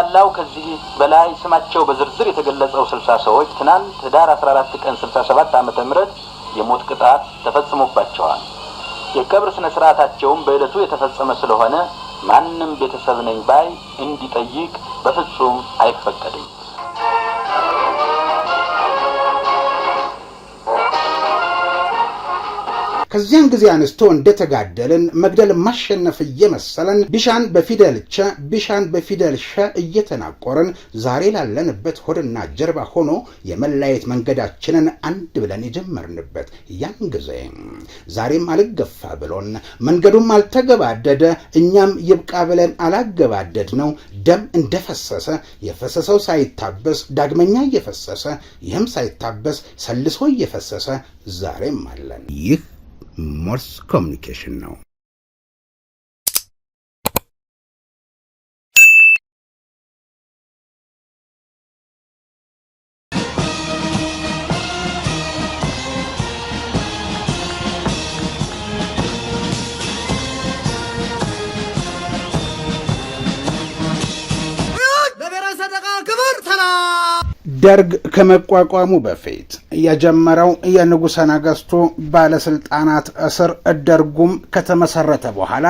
በጠቅላላው ከዚህ በላይ ስማቸው በዝርዝር የተገለጸው ስልሳ ሰዎች ትናንት ህዳር 14 ቀን 67 ዓመተ ምህረት የሞት ቅጣት ተፈጽሞባቸዋል። የቀብር ስነ ስርዓታቸውም በዕለቱ የተፈጸመ ስለሆነ ማንም ቤተሰብ ነኝ ባይ እንዲጠይቅ በፍጹም አይፈቀድም። ከዚያን ጊዜ አንስቶ እንደተጋደልን መግደል ማሸነፍ እየመሰለን ቢሻን በፊደል ቸ ቢሻን በፊደል ሸ እየተናቆርን ዛሬ ላለንበት ሆድና ጀርባ ሆኖ የመለያየት መንገዳችንን አንድ ብለን የጀመርንበት ያን ጊዜ ዛሬም አልገፋ ብሎን መንገዱም አልተገባደደ እኛም ይብቃ ብለን አላገባደድ ነው። ደም እንደፈሰሰ የፈሰሰው ሳይታበስ ዳግመኛ እየፈሰሰ ይህም ሳይታበስ ሰልሶ እየፈሰሰ ዛሬም አለን ይህ ማርስ ኮሚኒኬሽን ነው። ደርግ ከመቋቋሙ በፊት የጀመረው የንጉሠ ነገሥቱ ባለሥልጣናት እስር ደርጉም ከተመሠረተ በኋላ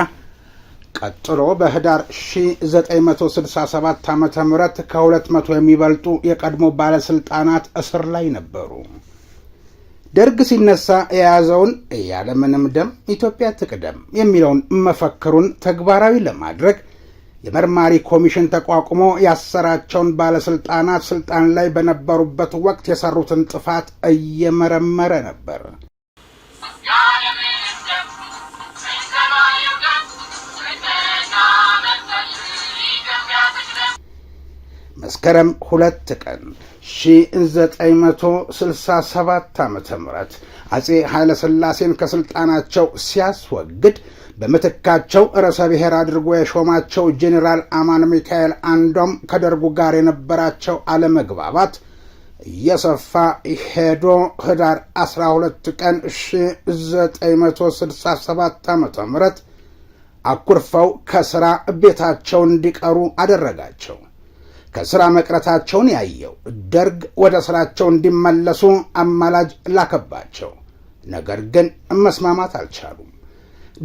ቀጥሎ በህዳር 1967 ዓ ም ከ200 የሚበልጡ የቀድሞ ባለሥልጣናት እስር ላይ ነበሩ። ደርግ ሲነሳ የያዘውን ያለምንም ደም ኢትዮጵያ ትቅደም የሚለውን መፈክሩን ተግባራዊ ለማድረግ የመርማሪ ኮሚሽን ተቋቁሞ ያሰራቸውን ባለስልጣናት ስልጣን ላይ በነበሩበት ወቅት የሰሩትን ጥፋት እየመረመረ ነበር። መስከረም ሁለት ቀን 1967 ዓ ም አጼ ኃይለሥላሴን ከሥልጣናቸው ሲያስወግድ በምትካቸው ርዕሰ ብሔር አድርጎ የሾማቸው ጄኔራል አማን ሚካኤል አንዶም ከደርጉ ጋር የነበራቸው አለመግባባት እየሰፋ ሄዶ ህዳር 12 ቀን 1967 ዓ ም አኩርፈው ከሥራ ቤታቸው እንዲቀሩ አደረጋቸው። ከሥራ መቅረታቸውን ያየው ደርግ ወደ ሥራቸው እንዲመለሱ አማላጅ ላከባቸው። ነገር ግን መስማማት አልቻሉም።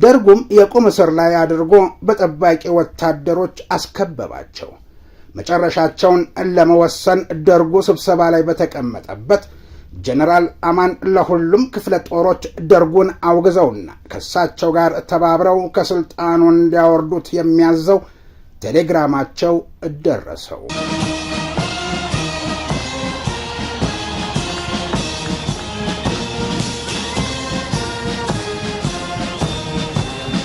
ደርጉም የቁም እስር ላይ አድርጎ በጠባቂ ወታደሮች አስከበባቸው። መጨረሻቸውን ለመወሰን ደርጉ ስብሰባ ላይ በተቀመጠበት ጀነራል አማን ለሁሉም ክፍለ ጦሮች ደርጉን አውግዘውና ከእሳቸው ጋር ተባብረው ከስልጣኑ እንዲያወርዱት የሚያዘው ቴሌግራማቸው ደረሰው።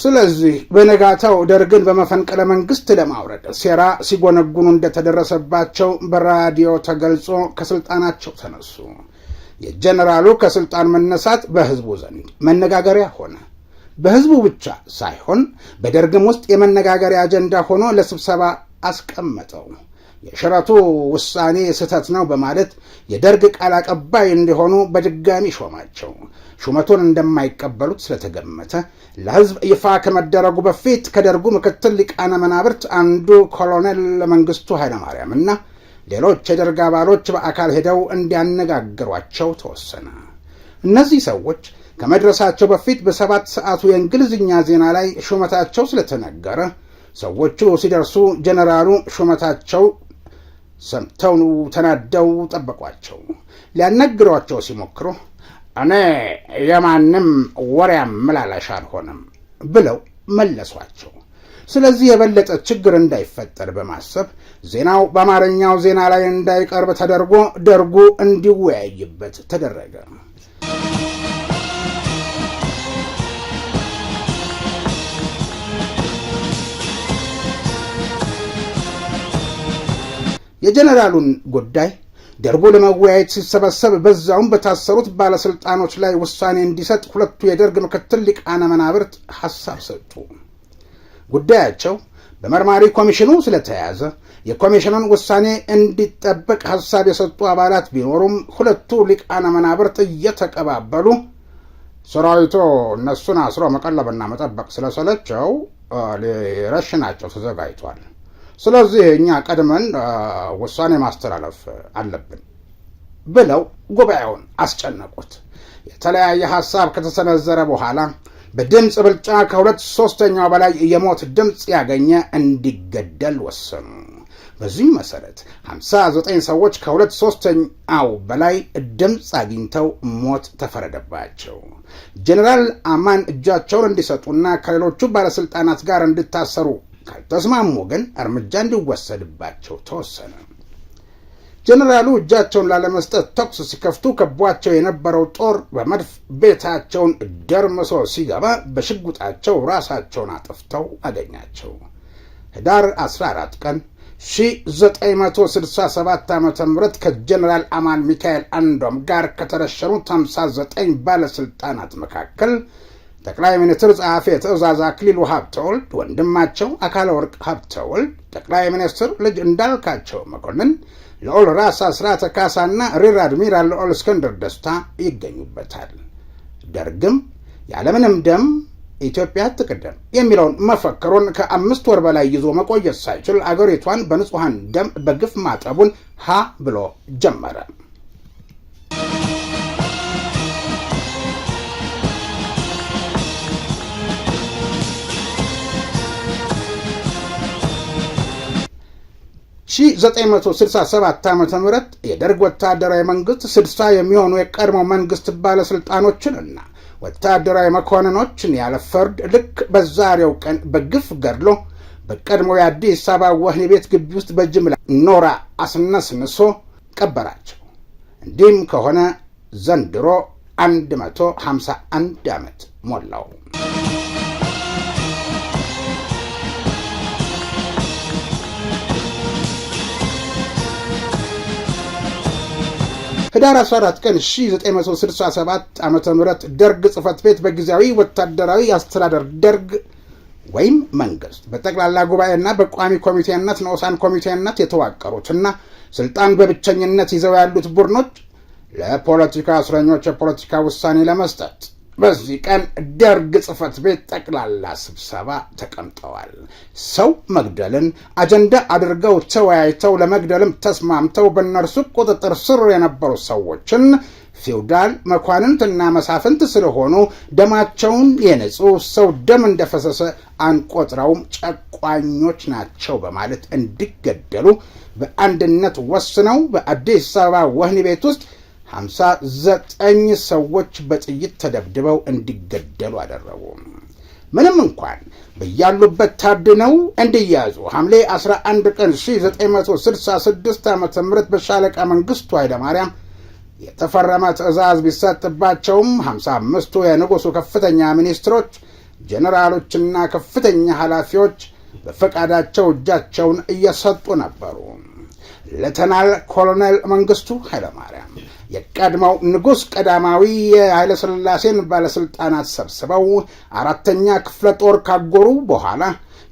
ስለዚህ በነጋታው ደርግን በመፈንቅለ መንግስት ለማውረድ ሴራ ሲጎነጉኑ እንደተደረሰባቸው በራዲዮ ተገልጾ ከስልጣናቸው ተነሱ። የጀነራሉ ከስልጣን መነሳት በህዝቡ ዘንድ መነጋገሪያ ሆነ። በህዝቡ ብቻ ሳይሆን በደርግም ውስጥ የመነጋገሪያ አጀንዳ ሆኖ ለስብሰባ አስቀመጠው። የሽረቱ ውሳኔ ስህተት ነው በማለት የደርግ ቃል አቀባይ እንዲሆኑ በድጋሚ ሾማቸው። ሹመቱን እንደማይቀበሉት ስለተገመተ ለሕዝብ ይፋ ከመደረጉ በፊት ከደርጉ ምክትል ሊቃነ መናብርት አንዱ ኮሎኔል መንግስቱ ኃይለማርያም እና ሌሎች የደርግ አባሎች በአካል ሄደው እንዲያነጋግሯቸው ተወሰነ። እነዚህ ሰዎች ከመድረሳቸው በፊት በሰባት ሰዓቱ የእንግሊዝኛ ዜና ላይ ሹመታቸው ስለተነገረ ሰዎቹ ሲደርሱ ጀነራሉ ሹመታቸው ሰምተው ተናደው ጠበቋቸው። ሊያነግሯቸው ሲሞክሩ እኔ የማንም ወሬ አመላላሽ አልሆንም ብለው መለሷቸው። ስለዚህ የበለጠ ችግር እንዳይፈጠር በማሰብ ዜናው በአማርኛው ዜና ላይ እንዳይቀርብ ተደርጎ ደርጉ እንዲወያይበት ተደረገ። የጀነራሉን ጉዳይ ደርቦ ለመወያየት ሲሰበሰብ በዛውም በታሰሩት ባለስልጣኖች ላይ ውሳኔ እንዲሰጥ ሁለቱ የደርግ ምክትል ሊቃነ መናብርት ሐሳብ ሰጡ። ጉዳያቸው በመርማሪ ኮሚሽኑ ስለተያዘ የኮሚሽኑን ውሳኔ እንዲጠበቅ ሐሳብ የሰጡ አባላት ቢኖሩም ሁለቱ ሊቃነ መናብርት እየተቀባበሉ ሰራዊቱ እነሱን አስሮ መቀለብና መጠበቅ ስለሰለቸው ሊረሽናቸው ተዘጋጅቷል። ስለዚህ እኛ ቀድመን ውሳኔ ማስተላለፍ አለብን ብለው ጉባኤውን አስጨነቁት። የተለያየ ሀሳብ ከተሰነዘረ በኋላ በድምፅ ብልጫ ከሁለት ሶስተኛው በላይ የሞት ድምፅ ያገኘ እንዲገደል ወሰኑ። በዚህም መሰረት 59 ሰዎች ከሁለት ሶስተኛው በላይ ድምፅ አግኝተው ሞት ተፈረደባቸው። ጀኔራል አማን እጃቸውን እንዲሰጡና ከሌሎቹ ባለሥልጣናት ጋር እንዲታሰሩ ካልተስማሙ ግን እርምጃ እንዲወሰድባቸው ተወሰነ። ጀኔራሉ እጃቸውን ላለመስጠት ተኩስ ሲከፍቱ ከቧቸው የነበረው ጦር በመድፍ ቤታቸውን ገርምሶ ሲገባ በሽጉጣቸው ራሳቸውን አጥፍተው አገኛቸው። ህዳር 14 ቀን 1967 ዓ ም ከጀኔራል አማን ሚካኤል አንዶም ጋር ከተረሸኑት 59 ባለሥልጣናት መካከል ጠቅላይ ሚኒስትር ጸሐፊ ትእዛዝ አክሊሉ ሀብተወልድ፣ ወንድማቸው አካለ ወርቅ ሀብተወልድ፣ ጠቅላይ ሚኒስትር ልጅ እንዳልካቸው መኮንን፣ ልዑል ራስ አስራተ ካሳና ሪር አድሚራል ልዑል እስክንድር ደስታ ይገኙበታል። ደርግም ያለምንም ደም ኢትዮጵያ ትቅደም የሚለውን መፈክሩን ከአምስት ወር በላይ ይዞ መቆየት ሳይችል አገሪቷን በንጹሐን ደም በግፍ ማጠቡን ሀ ብሎ ጀመረ። 1967 ዓ ም የደርግ ወታደራዊ መንግስት 60 የሚሆኑ የቀድሞ መንግስት ባለሥልጣኖችንና ወታደራዊ መኮንኖችን ያለ ፍርድ ልክ በዛሬው ቀን በግፍ ገድሎ በቀድሞ የአዲስ አበባ ወህኒ ቤት ግቢ ውስጥ በጅምላ ኖራ አስነስንሶ ቀበራቸው። እንዲህም ከሆነ ዘንድሮ 151 ዓመት ሞላው። ህዳር 14 ቀን 1967 ዓ ም ደርግ ጽህፈት ቤት በጊዜያዊ ወታደራዊ አስተዳደር ደርግ ወይም መንግስት በጠቅላላ ጉባኤና በቋሚ ኮሚቴነት ንዑሳን ኮሚቴነት የተዋቀሩትና ስልጣን በብቸኝነት ይዘው ያሉት ቡድኖች ለፖለቲካ እስረኞች የፖለቲካ ውሳኔ ለመስጠት በዚህ ቀን ደርግ ጽህፈት ቤት ጠቅላላ ስብሰባ ተቀምጠዋል። ሰው መግደልን አጀንዳ አድርገው ተወያይተው ለመግደልም ተስማምተው በእነርሱ ቁጥጥር ስር የነበሩ ሰዎችን ፊውዳል መኳንንትና መሳፍንት ስለሆኑ ደማቸውን የንጹ ሰው ደም እንደፈሰሰ አንቆጥረውም፣ ጨቋኞች ናቸው በማለት እንዲገደሉ በአንድነት ወስነው በአዲስ አበባ ወህኒ ቤት ውስጥ ሀምሳ ዘጠኝ ሰዎች በጥይት ተደብድበው እንዲገደሉ አደረጉ። ምንም እንኳን በያሉበት ታድነው እንዲያዙ ሐምሌ 11 ቀን 1966 ዓ ም በሻለቃ መንግስቱ ኃይለማርያም የተፈረመ ትዕዛዝ ቢሰጥባቸውም 55ቱ የንጉሡ ከፍተኛ ሚኒስትሮች፣ ጄኔራሎችና ከፍተኛ ኃላፊዎች በፈቃዳቸው እጃቸውን እየሰጡ ነበሩ። ሌተናል ኮሎኔል መንግስቱ ኃይለማርያም የቀድሞው ንጉሥ ቀዳማዊ የኃይለሥላሴን ባለሥልጣናት ሰብስበው አራተኛ ክፍለ ጦር ካጎሩ በኋላ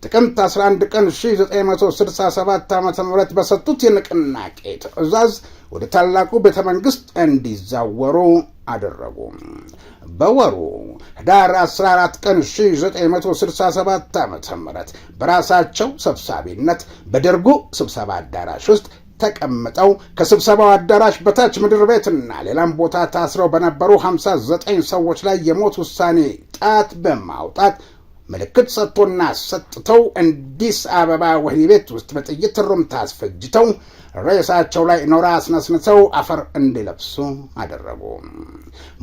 ጥቅምት 11 ቀን 1967 ዓ ም በሰጡት የንቅናቄ ትዕዛዝ ወደ ታላቁ ቤተ መንግሥት እንዲዛወሩ አደረጉ። በወሩ ህዳር 14 ቀን 1967 ዓ ም በራሳቸው ሰብሳቢነት በደርጉ ስብሰባ አዳራሽ ውስጥ ተቀምጠው ከስብሰባው አዳራሽ በታች ምድር ቤትና ሌላም ቦታ ታስረው በነበሩ 59 ሰዎች ላይ የሞት ውሳኔ ጣት በማውጣት ምልክት ሰጥቶና ሰጥተው አዲስ አበባ ወህኒ ቤት ውስጥ በጥይት ሩምታ አስፈጅተው ሬሳቸው ላይ ኖራ አስነስንሰው አፈር እንዲለብሱ አደረጉ።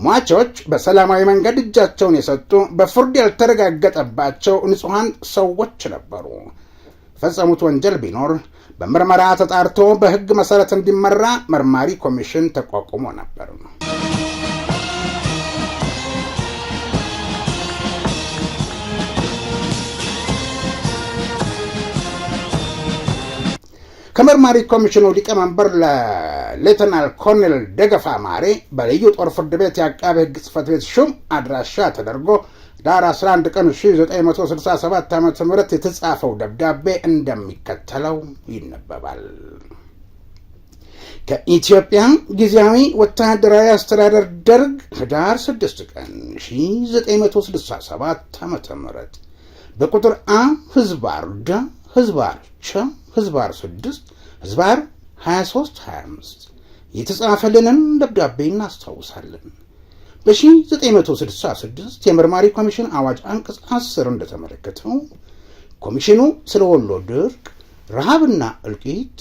ሟቾች በሰላማዊ መንገድ እጃቸውን የሰጡ በፍርድ ያልተረጋገጠባቸው ንጹሐን ሰዎች ነበሩ። የፈጸሙት ወንጀል ቢኖር በምርመራ ተጣርቶ በሕግ መሰረት እንዲመራ መርማሪ ኮሚሽን ተቋቁሞ ነበር። ከመርማሪ ኮሚሽኑ ሊቀመንበር ለሌተናል ኮርኔል ደገፋ ማሬ በልዩ ጦር ፍርድ ቤት የአቃቤ ሕግ ጽፈት ቤት ሹም አድራሻ ተደርጎ ዳር 11 ቀን 1967 ዓ ም የተጻፈው ደብዳቤ እንደሚከተለው ይነበባል። ከኢትዮጵያ ጊዜያዊ ወታደራዊ አስተዳደር ደርግ ህዳር 6 ቀን 1967 ዓ ም በቁጥር አ ህዝባር ደ ህዝባር ቸ ህዝባር 6 ህዝባር 23 25 የተጻፈልንን ደብዳቤ እናስታውሳለን። በ1966 የመርማሪ ኮሚሽን አዋጅ አንቀጽ 10 እንደተመለከተው ኮሚሽኑ ስለ ወሎ ድርቅ ረሃብና እልቂት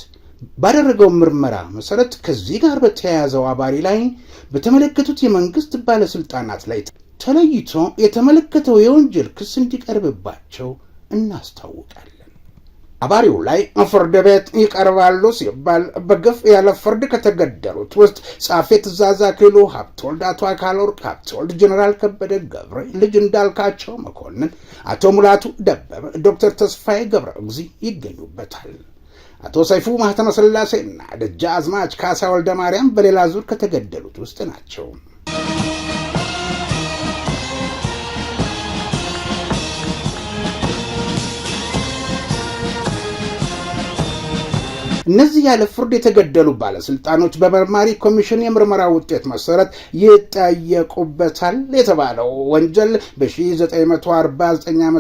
ባደረገው ምርመራ መሰረት ከዚህ ጋር በተያያዘው አባሪ ላይ በተመለከቱት የመንግስት ባለስልጣናት ላይ ተለይቶ የተመለከተው የወንጀል ክስ እንዲቀርብባቸው እናስታውቃል። አባሪው ላይ ፍርድ ቤት ይቀርባሉ ሲባል በግፍ ያለ ፍርድ ከተገደሉት ውስጥ ጻፌ ትእዛዝ አክሊሉ ሀብተወልድ፣ አቶ አካለወርቅ ሀብተወልድ፣ ጀኔራል ከበደ ገብረ፣ ልጅ እንዳልካቸው መኮንን፣ አቶ ሙላቱ ደበበ፣ ዶክተር ተስፋዬ ገብረ እግዚእ ይገኙበታል። አቶ ሰይፉ ማህተመ ደጃ ደጃዝማች ካሳ ወልደ ማርያም በሌላ ዙር ከተገደሉት ውስጥ ናቸው። እነዚህ ያለ ፍርድ የተገደሉ ባለስልጣኖች በመርማሪ ኮሚሽን የምርመራ ውጤት መሰረት ይጠየቁበታል የተባለው ወንጀል በ1949 ዓ ም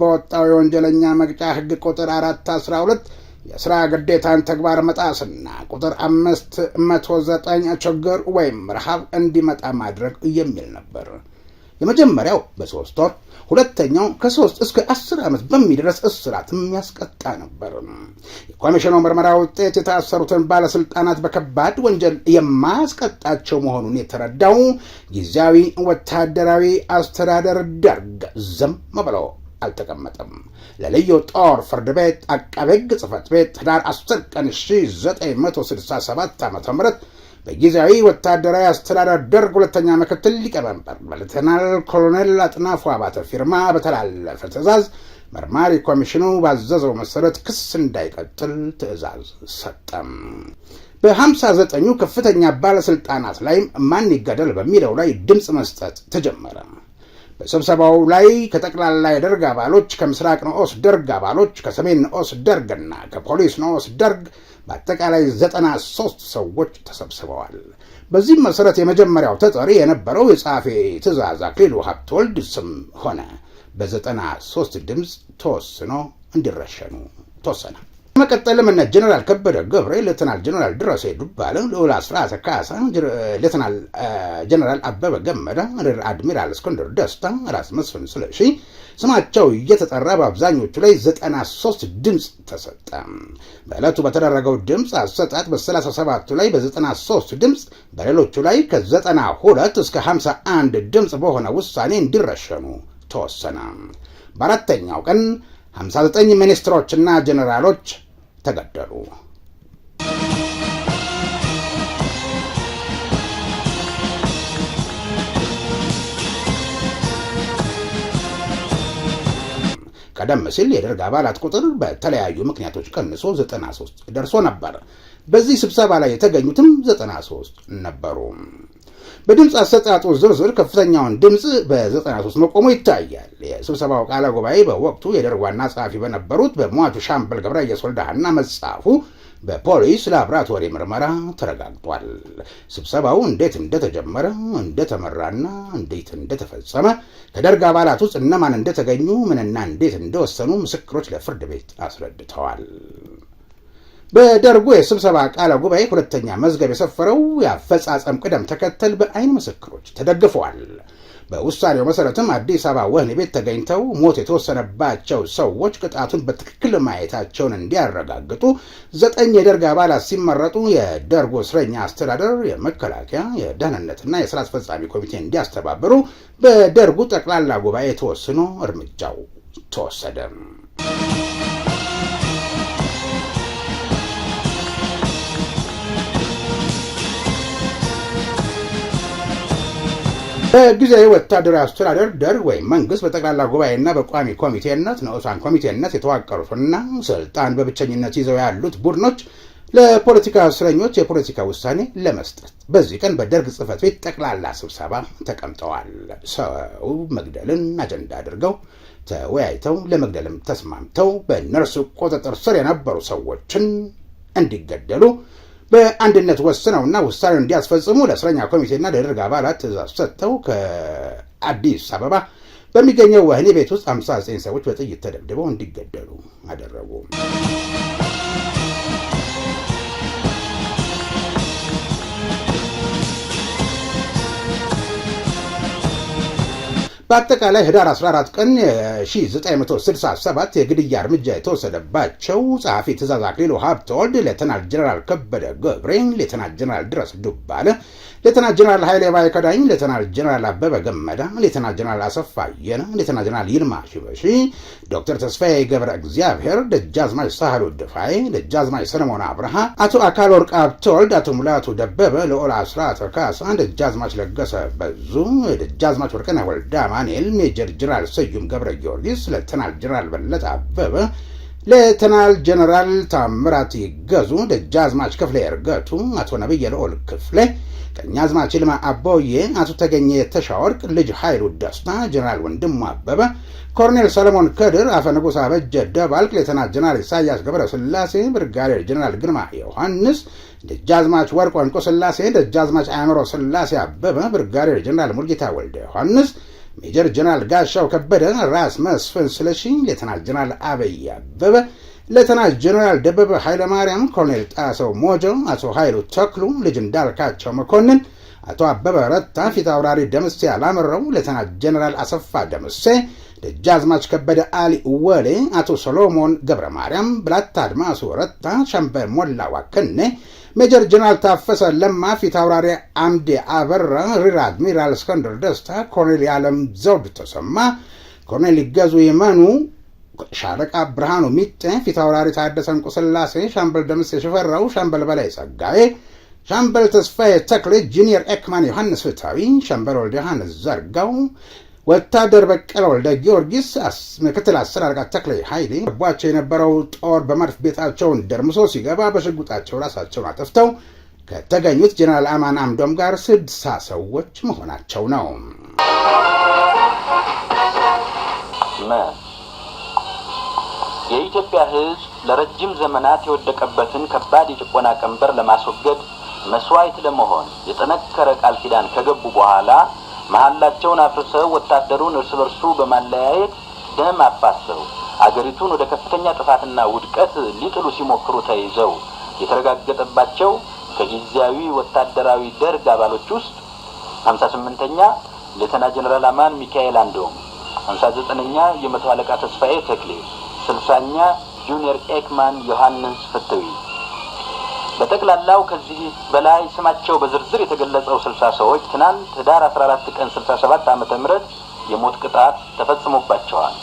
በወጣው የወንጀለኛ መቅጫ ህግ ቁጥር 412 የስራ ግዴታን ተግባር መጣስና ቁጥር አምስት መቶ ዘጠኝ ችግር ወይም ረሃብ እንዲመጣ ማድረግ የሚል ነበር። የመጀመሪያው በሶስት ወር ሁለተኛው ከሶስት እስከ አስር ዓመት በሚደርስ እስራት የሚያስቀጣ ነበር። የኮሚሽኑ ምርመራ ውጤት የታሰሩትን ባለስልጣናት በከባድ ወንጀል የማያስቀጣቸው መሆኑን የተረዳው ጊዜያዊ ወታደራዊ አስተዳደር ደርግ ዝም ብሎ አልተቀመጠም። ለልዩ ጦር ፍርድ ቤት አቃቤ ሕግ ቤት ህዳር 10 ቀን 1967 ዓ ም በጊዜያዊ ወታደራዊ አስተዳደር ደርግ ሁለተኛ ምክትል ሊቀመንበር በሌተናል ኮሎኔል አጥናፉ አባተ ፊርማ በተላለፈ ትዕዛዝ መርማሪ ኮሚሽኑ ባዘዘው መሰረት ክስ እንዳይቀጥል ትዕዛዝ ሰጠም። በሀምሳ ዘጠኙ ከፍተኛ ባለስልጣናት ላይም ማን ይገደል በሚለው ላይ ድምፅ መስጠት ተጀመረ። በስብሰባው ላይ ከጠቅላላ የደርግ አባሎች፣ ከምስራቅ ንዑስ ደርግ አባሎች፣ ከሰሜን ንዑስ ደርግና ከፖሊስ ንዑስ ደርግ በአጠቃላይ ዘጠና ሶስት ሰዎች ተሰብስበዋል። በዚህም መሰረት የመጀመሪያው ተጠሪ የነበረው የጸሐፊ ትእዛዝ አክሊሉ ሀብተወልድ ስም ሆነ በዘጠና ሶስት ድምፅ ተወስኖ እንዲረሸኑ ተወሰነ። በመቀጠልም እነ ጀኔራል ከበደ ገብረ፣ ሌተናል ጀኔራል ድረሴ ዱባለ፣ ልዑል አስራተ ካሳ፣ ሌተናል ጀኔራል አበበ ገመደ፣ ሬር አድሚራል እስክንድር ደስታ፣ ራስ መስፍን ስለሺ ስማቸው እየተጠራ በአብዛኞቹ ላይ 93 ድምፅ ተሰጠ። በዕለቱ በተደረገው ድምፅ አሰጣጥ በ37ቱ ላይ በ93 ድምፅ በሌሎቹ ላይ ከ92 እስከ 51 ድምፅ በሆነ ውሳኔ እንዲረሸኑ ተወሰነ። በአራተኛው ቀን 59 ሚኒስትሮችና ጀኔራሎች ተገደሉ። ቀደም ሲል የደርግ አባላት ቁጥር በተለያዩ ምክንያቶች ቀንሶ 93 ደርሶ ነበር። በዚህ ስብሰባ ላይ የተገኙትም 93 ነበሩ። በድምፅ አሰጣጡ ዝርዝር ከፍተኛውን ድምፅ በ93 መቆሙ ይታያል። የስብሰባው ቃለ ጉባኤ በወቅቱ የደርግ ዋና ጸሐፊ በነበሩት በሟቹ ሻምበል ገብረ ወልደሃና መጻፉ በፖሊስ ላብራቶሪ ምርመራ ተረጋግጧል። ስብሰባው እንዴት እንደተጀመረ እንደተመራና እንዴት እንደተፈጸመ ከደርግ አባላት ውስጥ እነማን እንደተገኙ ምንና እንዴት እንደወሰኑ ምስክሮች ለፍርድ ቤት አስረድተዋል። በደርጉ የስብሰባ ቃለ ጉባኤ ሁለተኛ መዝገብ የሰፈረው የአፈጻጸም ቅደም ተከተል በአይን ምስክሮች ተደግፈዋል። በውሳኔው መሰረትም አዲስ አበባ ወህኒ ቤት ተገኝተው ሞት የተወሰነባቸው ሰዎች ቅጣቱን በትክክል ማየታቸውን እንዲያረጋግጡ ዘጠኝ የደርግ አባላት ሲመረጡ የደርጎ እስረኛ አስተዳደር፣ የመከላከያ፣ የደህንነትና የስራ አስፈጻሚ ኮሚቴ እንዲያስተባብሩ በደርጉ ጠቅላላ ጉባኤ ተወስኖ እርምጃው ተወሰደ። በጊዜያዊ ወታደራዊ አስተዳደር ደር ወይም መንግስት በጠቅላላ ጉባኤና በቋሚ ኮሚቴነት ንዑሳን ኮሚቴነት የተዋቀሩትና ስልጣን በብቸኝነት ይዘው ያሉት ቡድኖች ለፖለቲካ እስረኞች የፖለቲካ ውሳኔ ለመስጠት በዚህ ቀን በደርግ ጽህፈት ቤት ጠቅላላ ስብሰባ ተቀምጠዋል። ሰው መግደልን አጀንዳ አድርገው ተወያይተው ለመግደልም ተስማምተው በእነርሱ ቁጥጥር ስር የነበሩ ሰዎችን እንዲገደሉ በአንድነት ወስነውና ውሳኔውን እንዲያስፈጽሙ ለእስረኛ ኮሚቴና ለደርግ አባላት ትእዛዝ ሰጥተው ከአዲስ አበባ በሚገኘው ወህኒ ቤት ውስጥ 59 ሰዎች በጥይት ተደብድበው እንዲገደሉ አደረጉ። በአጠቃላይ ህዳር 14 ቀን 1967 የግድያ እርምጃ የተወሰደባቸው ጸሐፊ ትእዛዝ አክሊሉ ሀብተወልድ፣ ሌተናል ጀነራል ከበደ ገብሬ፣ ሌተናል ጀነራል ድረስ ዱባለ ሌተና ጀነራል ኃይሌ ከዳኝ፣ ሌተና ጀነራል አበበ ገመዳ፣ ሌተና ጀነራል አሰፋ የነ፣ ሌተና ጀነራል ይልማ ሽበሺ፣ ዶክተር ተስፋዬ ገብረ እግዚአብሔር፣ ደጃዝማች ሳህሉ ድፋይ፣ ደጃዝማች ሰለሞን አብርሃ፣ አቶ አካል ወርቅ አብቶወልድ፣ አቶ ሙላቱ ደበበ፣ ልዑል አስራት ካሳ፣ ደጃዝማች ለገሰ በዙ፣ ደጃዝማች ወርቅነህ ወልዳ ማንኤል፣ ሜጀር ጀነራል ስዩም ገብረ ጊዮርጊስ፣ ሌተና ጀነራል በለጠ አበበ ሌተናል ጀነራል ታምራት ይገዙ፣ ደጃዝማች ክፍሌ እርገቱ፣ አቶ ነብየ ልዑል ክፍሌ፣ ቀኛዝማች ይልማ አቦዬ፣ አቶ ተገኘ ተሻወርቅ፣ ልጅ ኃይሉ ደስታ፣ ጀነራል ወንድሙ አበበ፣ ኮርኔል ሰለሞን ከድር፣ አፈ ንጉሥ አበጀ ደባልቅ፣ ሌተናል ጀነራል ኢሳያስ ገብረ ስላሴ፣ ብርጋዴር ጀነራል ግርማ ዮሐንስ፣ ደጃዝማች ወርቅ ወንቁ ስላሴ፣ ደጃዝማች አእምሮ ስላሴ አበበ፣ ብርጋዴር ጀነራል ሙልጌታ ወልደ ዮሐንስ ሜጀር ጀነራል ጋሻው ከበደ፣ ራስ መስፍን ስለሽኝ፣ ሌተናል ጀነራል አበይ አበበ፣ ሌተናል ጀነራል ደበበ ኃይለማርያም፣ ኮሎኔል ጣሰው ሞጆ፣ አቶ ኃይሉ ተክሉ፣ ልጅ እንዳልካቸው መኮንን አቶ አበበ ረታ ፊት አውራሪ ደምሴ አላመረው፣ ሌተና ጀነራል አሰፋ ደምሴ፣ ደጃዝማች ከበደ አሊ ወሌ፣ አቶ ሰሎሞን ገብረ ማርያም፣ ብላታ አድማሱ ረታ፣ ሻምበል ሞላ ዋከኔ፣ ሜጀር ጀነራል ታፈሰ ለማ፣ ፊት አውራሪ አምዴ አበራ፣ ሪር አድሚራል እስከንድር ደስታ፣ ኮሎኔል የዓለም ዘውድ ተሰማ፣ ኮሎኔል ይገዙ ይመኑ ሻረቃ ብርሃኑ ሚጤ፣ ፊት አውራሪ ታደሰ እንቁስላሴ፣ ሻምበል ደምሴ ሽፈራው፣ ሻምበል በላይ ጸጋዬ ሻምበል ተስፋዬ ተክሌ፣ ጂኒየር ኤክማን ዮሐንስ ፍትሐዊ፣ ሻምበል ወልደ ዮሐንስ ዘርጋው፣ ወታደር በቀለ ወልደ ጊዮርጊስ፣ ምክትል አሰራርጋ ተክሌ ኃይሌ ከቧቸው የነበረው ጦር በመድፍ ቤታቸውን ደርምሶ ሲገባ በሽጉጣቸው ራሳቸውን አጠፍተው ከተገኙት ጀነራል አማን አምዶም ጋር ስድሳ ሰዎች መሆናቸው ነው። የኢትዮጵያ ሕዝብ ለረጅም ዘመናት የወደቀበትን ከባድ የጭቆና ቀንበር ለማስወገድ መስዋዕት ለመሆን የጠነከረ ቃል ኪዳን ከገቡ በኋላ መሀላቸውን አፍርሰው ወታደሩን እርስ በርሱ በማለያየት ደም አፋሰው አገሪቱን ወደ ከፍተኛ ጥፋትና ውድቀት ሊጥሉ ሲሞክሩ ተይዘው የተረጋገጠባቸው ከጊዜያዊ ወታደራዊ ደርግ አባሎች ውስጥ ሀምሳ ስምንተኛ ሌተና ጀኔራል አማን ሚካኤል አንዶም፣ ሀምሳ ዘጠነኛ የመቶ አለቃ ተስፋዬ ተክሌ፣ ስልሳኛ ጁኒየር ኤክማን ዮሐንስ ፍትዊ በጠቅላላው ከዚህ በላይ ስማቸው በዝርዝር የተገለጸው ስልሳ ሰዎች ትናንት ህዳር 14 ቀን 67 ዓመተ ምህረት የሞት ቅጣት ተፈጽሞባቸዋል።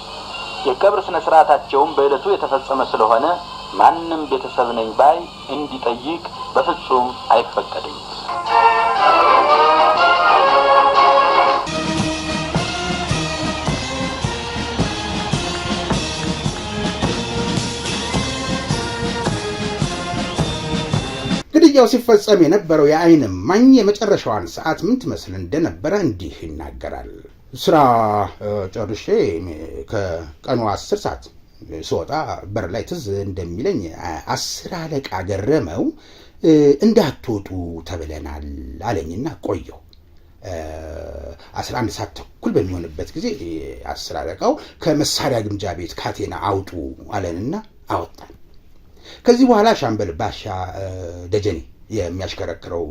የቀብር ስነ ስርዓታቸውም በዕለቱ የተፈጸመ ስለሆነ ማንም ቤተሰብ ነኝ ባይ እንዲጠይቅ በፍጹም አይፈቀድም። ግድያው ሲፈጸም የነበረው የአይን እማኝ የመጨረሻዋን ሰዓት ምን ትመስል እንደነበረ እንዲህ ይናገራል። ስራ ጨርሼ ከቀኑ አስር ሰዓት ስወጣ በር ላይ ትዝ እንደሚለኝ አስር አለቃ ገረመው እንዳትወጡ ተብለናል አለኝና ቆየው። አስራ አንድ ሰዓት ተኩል በሚሆንበት ጊዜ አስር አለቃው ከመሳሪያ ግምጃ ቤት ካቴና አውጡ አለንና አወጣን። ከዚህ በኋላ ሻምበል ባሻ ደጀኔ የሚያሽከረክረው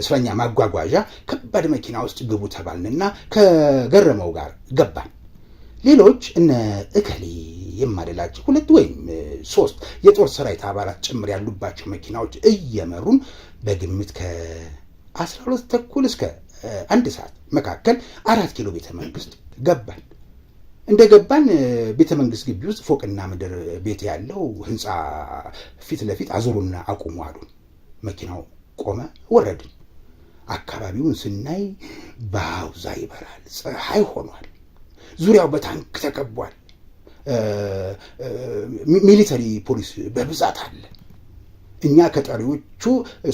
እስረኛ ማጓጓዣ ከባድ መኪና ውስጥ ግቡ ተባልንና ከገረመው ጋር ገባን። ሌሎች እነ እከሌ የማደላቸው ሁለት ወይም ሶስት የጦር ሰራዊት አባላት ጭምር ያሉባቸው መኪናዎች እየመሩን በግምት ከአስራ ሁለት ተኩል እስከ አንድ ሰዓት መካከል አራት ኪሎ ቤተ መንግስት ገባን። እንደገባን ቤተ መንግስት ግቢ ውስጥ ፎቅና ምድር ቤት ያለው ህንፃ ፊት ለፊት አዞሩና አቁሙ አሉን። መኪናው ቆመ። ወረድን። አካባቢውን ስናይ በአውዛ ይበራል፣ ፀሐይ ሆኗል። ዙሪያው በታንክ ተከቧል። ሚሊተሪ ፖሊስ በብዛት አለ። እኛ ከጠሪዎቹ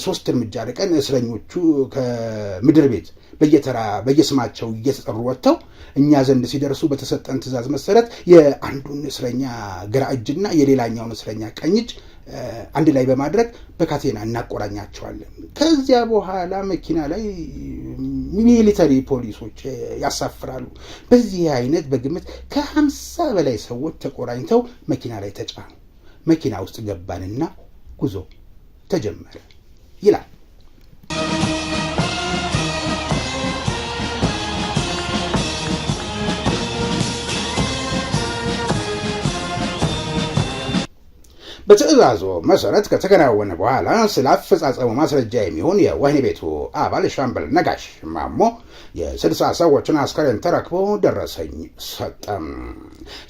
ሶስት እርምጃ ርቀን እስረኞቹ ከምድር ቤት በየተራ በየስማቸው እየተጠሩ ወጥተው እኛ ዘንድ ሲደርሱ በተሰጠን ትዕዛዝ መሰረት የአንዱን እስረኛ ግራ እጅና የሌላኛውን እስረኛ ቀኝ እጅ አንድ ላይ በማድረግ በካቴና እናቆራኛቸዋለን። ከዚያ በኋላ መኪና ላይ ሚሊተሪ ፖሊሶች ያሳፍራሉ። በዚህ አይነት በግምት ከሀምሳ በላይ ሰዎች ተቆራኝተው መኪና ላይ ተጫኑ። መኪና ውስጥ ገባንና ጉዞ ተጀመረ ይላል። በትዕዛዙ መሰረት ከተከናወነ በኋላ ስለ አፈጻጸሙ ማስረጃ የሚሆን የወህኒ ቤቱ አባል ሻምበል ነጋሽ ማሞ የስልሳ ሰዎችን አስከሬን ተረክቦ ደረሰኝ ሰጠም።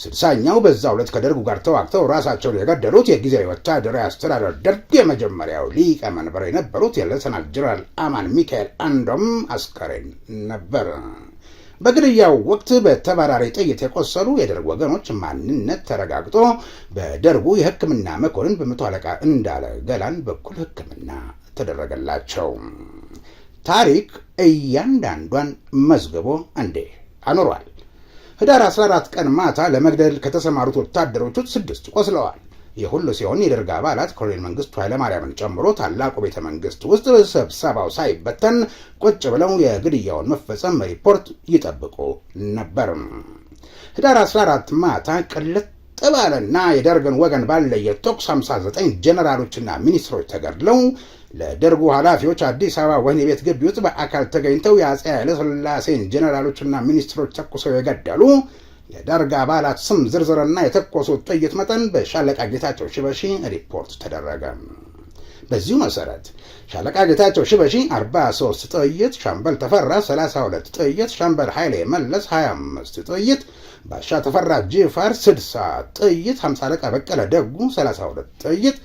ስልሳኛው በዛ ሁለት ከደርጉ ጋር ተዋግተው ራሳቸውን የገደሉት የጊዜያዊ ወታደራዊ አስተዳደር ደርግ የመጀመሪያው ሊቀመንበር የነበሩት የሌተናል ጀነራል አማን ሚካኤል አንዶም አስከሬን ነበር። በግድያው ወቅት በተባራሪ ጥይት የቆሰሉ የደርግ ወገኖች ማንነት ተረጋግጦ በደርጉ የሕክምና መኮንን በመቶ አለቃ እንዳለ ገላን በኩል ሕክምና ተደረገላቸው። ታሪክ እያንዳንዷን መዝግቦ እንዴ አኖሯል። ህዳር 14 ቀን ማታ ለመግደል ከተሰማሩት ወታደሮች ውስጥ ስድስት ቆስለዋል። የሁሉ ሲሆን የደርግ አባላት ኮሎኔል መንግስቱ ኃይለማርያምን ጨምሮ ታላቁ ቤተ መንግስት ውስጥ ስብሰባው ሳይበተን ቁጭ ብለው የግድያውን መፈጸም ሪፖርት ይጠብቁ ነበር። ህዳር 14 ማታ ቅልጥ ባለና የደርግን ወገን ባለየ ተኩስ 59 ጀነራሎችና ሚኒስትሮች ተገድለው ለደርጉ ኃላፊዎች አዲስ አበባ ወህኒ ቤት ግቢ ውስጥ በአካል ተገኝተው የአፄ ኃይለሥላሴን ጀነራሎችና ሚኒስትሮች ተኩሰው የገደሉ የደርግ አባላት ስም ዝርዝርና የተኮሱት ጥይት መጠን በሻለቃ ጌታቸው ሽበሺ ሪፖርት ተደረገ። በዚሁ መሰረት ሻለቃ ጌታቸው ሽበሺ 43 ጥይት፣ ሻምበል ተፈራ 32 ጥይት፣ ሻምበል ኃይሌ መለስ 25 ጥይት፣ ባሻ ተፈራ ጂፋር 60 ጥይት፣ 5 አለቃ በቀለ ደጉ 32 ጥይት፣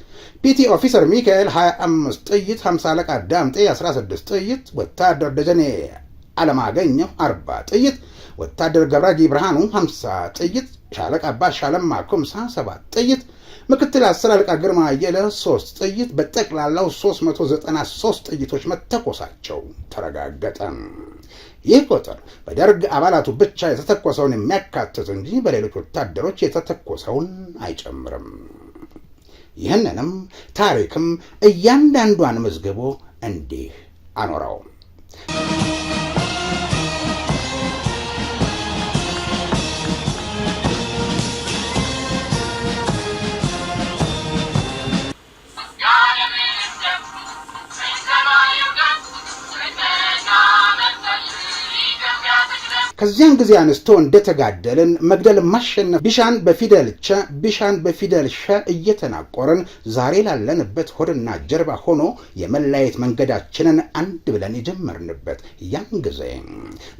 ፒቲ ኦፊሰር ሚካኤል 25 ጥይት፣ 5 አለቃ ዳምጤ 16 ጥይት፣ ወታደር ደጀኔ አለማገኘው 40 ጥይት ወታደር ገብራጅ ብርሃኑ 50 ጥይት፣ ሻለቃ አባሻ ኩምሳ 7 ጥይት፣ ምክትል አስር አለቃ ግርማ አየለ 3 ጥይት፣ በጠቅላላው 393 ጥይቶች መተኮሳቸው ተረጋገጠ። ይህ ቁጥር በደርግ አባላቱ ብቻ የተተኮሰውን የሚያካትት እንጂ በሌሎች ወታደሮች የተተኮሰውን አይጨምርም። ይህንንም ታሪክም እያንዳንዷን መዝግቦ እንዲህ አኖረው። ከዚያን ጊዜ አንስቶ እንደተጋደልን መግደል ማሸነፍ ቢሻን በፊደል ቸ ቢሻን በፊደል ሸ እየተናቆርን ዛሬ ላለንበት ሆድና ጀርባ ሆኖ የመለያየት መንገዳችንን አንድ ብለን የጀመርንበት ያን ጊዜ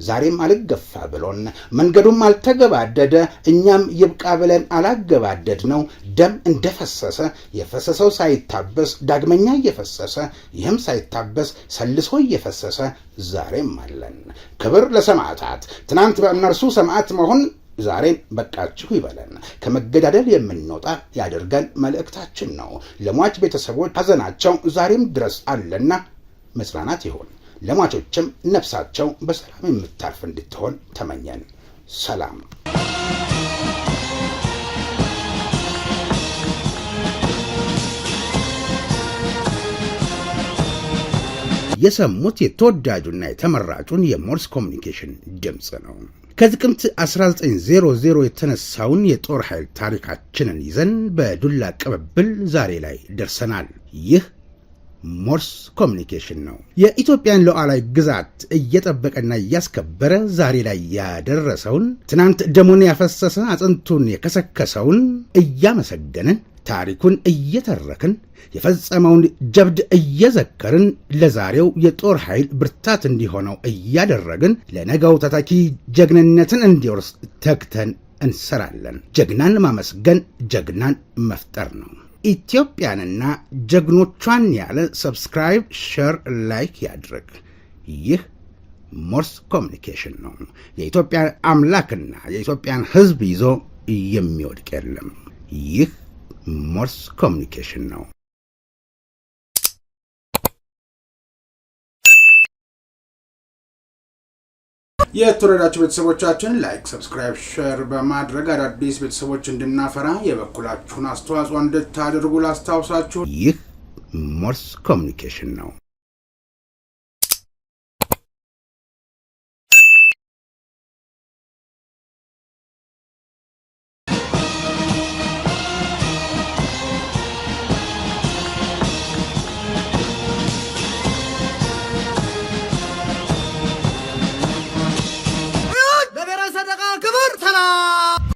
ዛሬም አልገፋ ብሎን መንገዱም አልተገባደደ እኛም ይብቃ ብለን አላገባደድ ነው። ደም እንደፈሰሰ የፈሰሰው ሳይታበስ ዳግመኛ እየፈሰሰ ይህም ሳይታበስ ሰልሶ እየፈሰሰ ዛሬም አለን። ክብር ለሰማዕታት ትናንት በእነርሱ ሰማዕት መሆን ዛሬን በቃችሁ ይበለን፣ ከመገዳደል የምንወጣ ያደርገን መልእክታችን ነው። ለሟች ቤተሰቦች ሐዘናቸው ዛሬም ድረስ አለና መጽናናት ይሆን ለሟቾችም ነፍሳቸው በሰላም የምታርፍ እንድትሆን ተመኘን። ሰላም የሰሙት የተወዳጁና የተመራጩን የሞርስ ኮሚኒኬሽን ድምፅ ነው። ከጥቅምት 1900 የተነሳውን የጦር ኃይል ታሪካችንን ይዘን በዱላ ቅብብል ዛሬ ላይ ደርሰናል። ይህ ሞርስ ኮሚኒኬሽን ነው። የኢትዮጵያን ሉዓላዊ ግዛት እየጠበቀና እያስከበረ ዛሬ ላይ ያደረሰውን፣ ትናንት ደሙን ያፈሰሰ አጥንቱን የከሰከሰውን እያመሰገንን ታሪኩን እየተረክን የፈጸመውን ጀብድ እየዘከርን ለዛሬው የጦር ኃይል ብርታት እንዲሆነው እያደረግን ለነገው ተተኪ ጀግንነትን እንዲወርስ ተግተን እንሰራለን። ጀግናን ማመስገን ጀግናን መፍጠር ነው። ኢትዮጵያንና ጀግኖቿን ያለ ሰብስክራይብ፣ ሸር ላይክ ያድርግ። ይህ ሞርስ ኮሚኒኬሽን ነው። የኢትዮጵያን አምላክና የኢትዮጵያን ሕዝብ ይዞ የሚወድቅ የለም። ይህ ሞርስ ኮሚኒኬሽን ነው። የተወረዳችሁ ቤተሰቦቻችን ላይክ፣ ሰብስክራይብ፣ ሼር በማድረግ አዳዲስ ቤተሰቦች እንድናፈራ የበኩላችሁን አስተዋጽኦ እንድታደርጉ ላስታውሳችሁ። ይህ ሞርስ ኮሚኒኬሽን ነው።